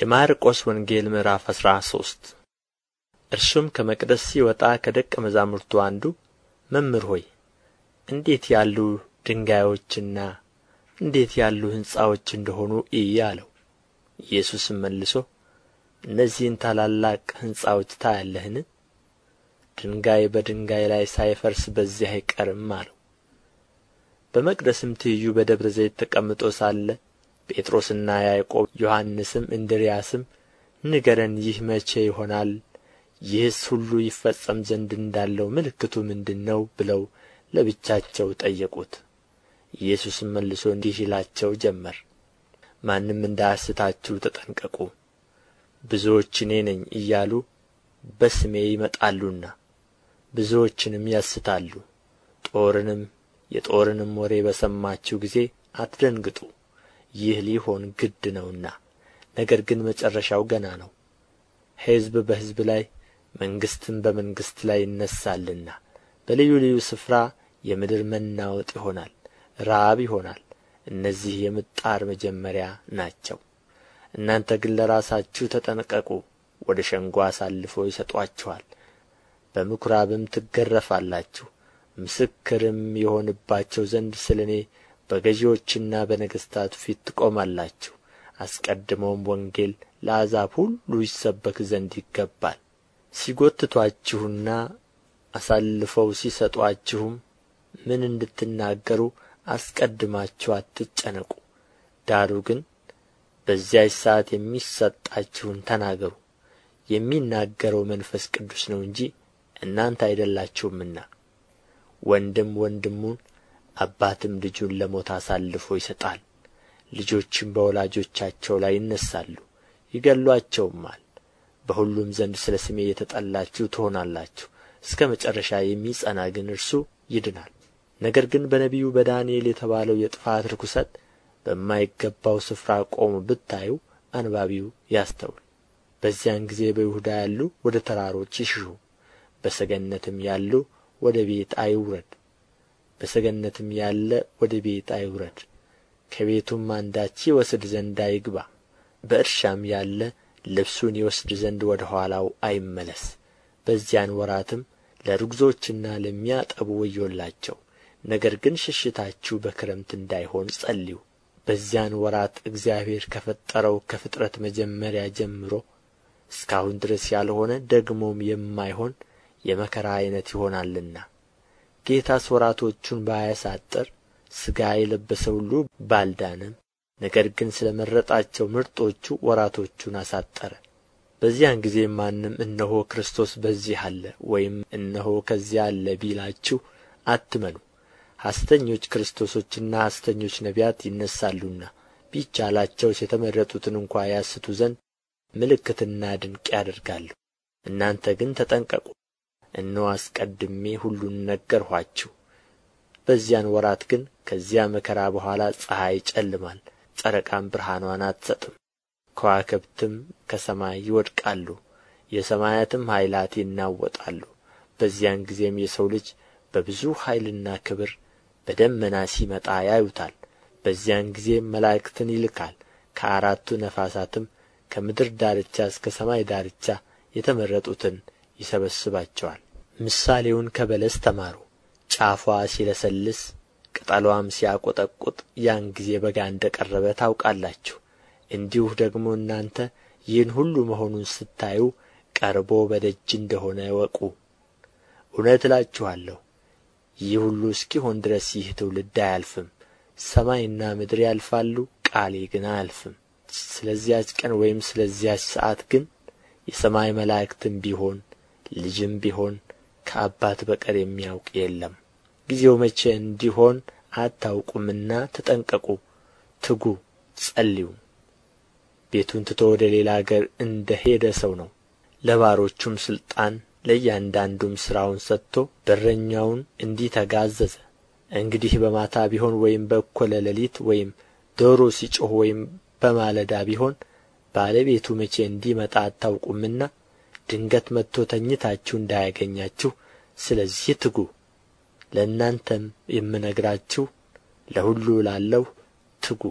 የማርቆስ ወንጌል ምዕራፍ አስራ ሶስት እርሱም ከመቅደስ ሲወጣ ከደቀ መዛሙርቱ አንዱ መምህር ሆይ እንዴት ያሉ ድንጋዮችና እንዴት ያሉ ሕንጻዎች እንደሆኑ እይ አለው። ኢየሱስም መልሶ እነዚህን ታላላቅ ሕንጻዎች ታያለህን? ድንጋይ በድንጋይ ላይ ሳይፈርስ በዚህ አይቀርም አለው። በመቅደስም ትይዩ በደብረ ዘይት ተቀምጦ ሳለ ጴጥሮስና ያዕቆብ ዮሐንስም እንድርያስም ንገረን ይህ መቼ ይሆናል ይህስ ሁሉ ይፈጸም ዘንድ እንዳለው ምልክቱ ምንድን ነው ብለው ለብቻቸው ጠየቁት ኢየሱስም መልሶ እንዲህ ይላቸው ጀመር ማንም እንዳያስታችሁ ተጠንቀቁ ብዙዎች እኔ ነኝ እያሉ በስሜ ይመጣሉና ብዙዎችንም ያስታሉ ጦርንም የጦርንም ወሬ በሰማችሁ ጊዜ አትደንግጡ ይህ ሊሆን ግድ ነውና ነገር ግን መጨረሻው ገና ነው ሕዝብ በሕዝብ ላይ መንግሥትም በመንግሥት ላይ ይነሣልና በልዩ ልዩ ስፍራ የምድር መናወጥ ይሆናል ራብ ይሆናል እነዚህ የምጣር መጀመሪያ ናቸው እናንተ ግን ለራሳችሁ ተጠንቀቁ ወደ ሸንጎ አሳልፎ ይሰጧችኋል፣ በምኵራብም ትገረፋላችሁ ምስክርም የሆንባቸው ዘንድ ስለ እኔ በገዢዎችና በነገሥታት ፊት ትቆማላችሁ አስቀድሞም ወንጌል ለአሕዛብ ሁሉ ይሰበክ ዘንድ ይገባል ሲጎትቷችሁና አሳልፈው ሲሰጧችሁም ምን እንድትናገሩ አስቀድማችሁ አትጨነቁ ዳሩ ግን በዚያች ሰዓት የሚሰጣችሁን ተናገሩ የሚናገረው መንፈስ ቅዱስ ነው እንጂ እናንተ አይደላችሁምና ወንድም ወንድሙን አባትም ልጁን ለሞት አሳልፎ ይሰጣል ልጆችም በወላጆቻቸው ላይ ይነሳሉ፣ ይገሏቸውማል። በሁሉም ዘንድ ስለ ስሜ የተጠላችሁ ትሆናላችሁ እስከ መጨረሻ የሚጸና ግን እርሱ ይድናል ነገር ግን በነቢዩ በዳንኤል የተባለው የጥፋት ርኩሰት በማይገባው ስፍራ ቆሞ ብታዩ አንባቢው ያስተውል በዚያን ጊዜ በይሁዳ ያሉ ወደ ተራሮች ይሽሹ በሰገነትም ያሉ ወደ ቤት አይውረድ በሰገነትም ያለ ወደ ቤት አይውረድ ከቤቱም አንዳች ይወስድ ዘንድ አይግባ በእርሻም ያለ ልብሱን ይወስድ ዘንድ ወደ ኋላው አይመለስ በዚያን ወራትም ለርጉዞችና ለሚያጠቡ ወዮላቸው ነገር ግን ሽሽታችሁ በክረምት እንዳይሆን ጸልዩ በዚያን ወራት እግዚአብሔር ከፈጠረው ከፍጥረት መጀመሪያ ጀምሮ እስካሁን ድረስ ያልሆነ ደግሞም የማይሆን የመከራ አይነት ይሆናልና ጌታስ ወራቶቹን ባያሳጥር ሥጋ የለበሰ ሁሉ ባልዳንም ነገር ግን ስለ መረጣቸው ምርጦቹ ወራቶቹን አሳጠረ በዚያን ጊዜ ማንም እነሆ ክርስቶስ በዚህ አለ ወይም እነሆ ከዚያ አለ ቢላችሁ አትመኑ ሐሰተኞች ክርስቶሶችና ሐሰተኞች ነቢያት ይነሳሉና ቢቻላቸውስ የተመረጡትን እንኳ ያስቱ ዘንድ ምልክትና ድንቅ ያደርጋሉ እናንተ ግን ተጠንቀቁ እነሆ አስቀድሜ ሁሉን ነገርኋችሁ በዚያን ወራት ግን ከዚያ መከራ በኋላ ፀሐይ ይጨልማል ጨረቃም ብርሃኗን አትሰጥም ከዋክብትም ከሰማይ ይወድቃሉ የሰማያትም ኃይላት ይናወጣሉ በዚያን ጊዜም የሰው ልጅ በብዙ ኃይልና ክብር በደመና ሲመጣ ያዩታል በዚያን ጊዜም መላእክትን ይልካል ከአራቱ ነፋሳትም ከምድር ዳርቻ እስከ ሰማይ ዳርቻ የተመረጡትን ይሰበስባቸዋል ምሳሌውን ከበለስ ተማሩ ጫፏ ሲለሰልስ ቅጠሏም ሲያቆጠቁጥ ያን ጊዜ በጋ እንደ ቀረበ ታውቃላችሁ እንዲሁ ደግሞ እናንተ ይህን ሁሉ መሆኑን ስታዩ ቀርቦ በደጅ እንደሆነ ወቁ። እወቁ እውነት እላችኋለሁ ይህ ሁሉ እስኪሆን ድረስ ይህ ትውልድ አያልፍም ሰማይና ምድር ያልፋሉ ቃሌ ግን አያልፍም ስለዚያች ቀን ወይም ስለዚያች ሰዓት ግን የሰማይ መላእክትም ቢሆን ልጅም ቢሆን ከአባት በቀር የሚያውቅ የለም ጊዜው መቼ እንዲሆን አታውቁምና ተጠንቀቁ ትጉ ጸልዩም ቤቱን ትቶ ወደ ሌላ አገር እንደ ሄደ ሰው ነው ለባሮቹም ሥልጣን ለእያንዳንዱም ሥራውን ሰጥቶ በረኛውን እንዲተጋዘዘ እንግዲህ በማታ ቢሆን ወይም በእኩለ ሌሊት ወይም ዶሮ ሲጮኽ ወይም በማለዳ ቢሆን ባለቤቱ መቼ እንዲመጣ አታውቁምና ድንገት መጥቶ ተኝታችሁ እንዳያገኛችሁ ስለዚህ ትጉ ለእናንተም የምነግራችሁ ለሁሉ ላለው ትጉ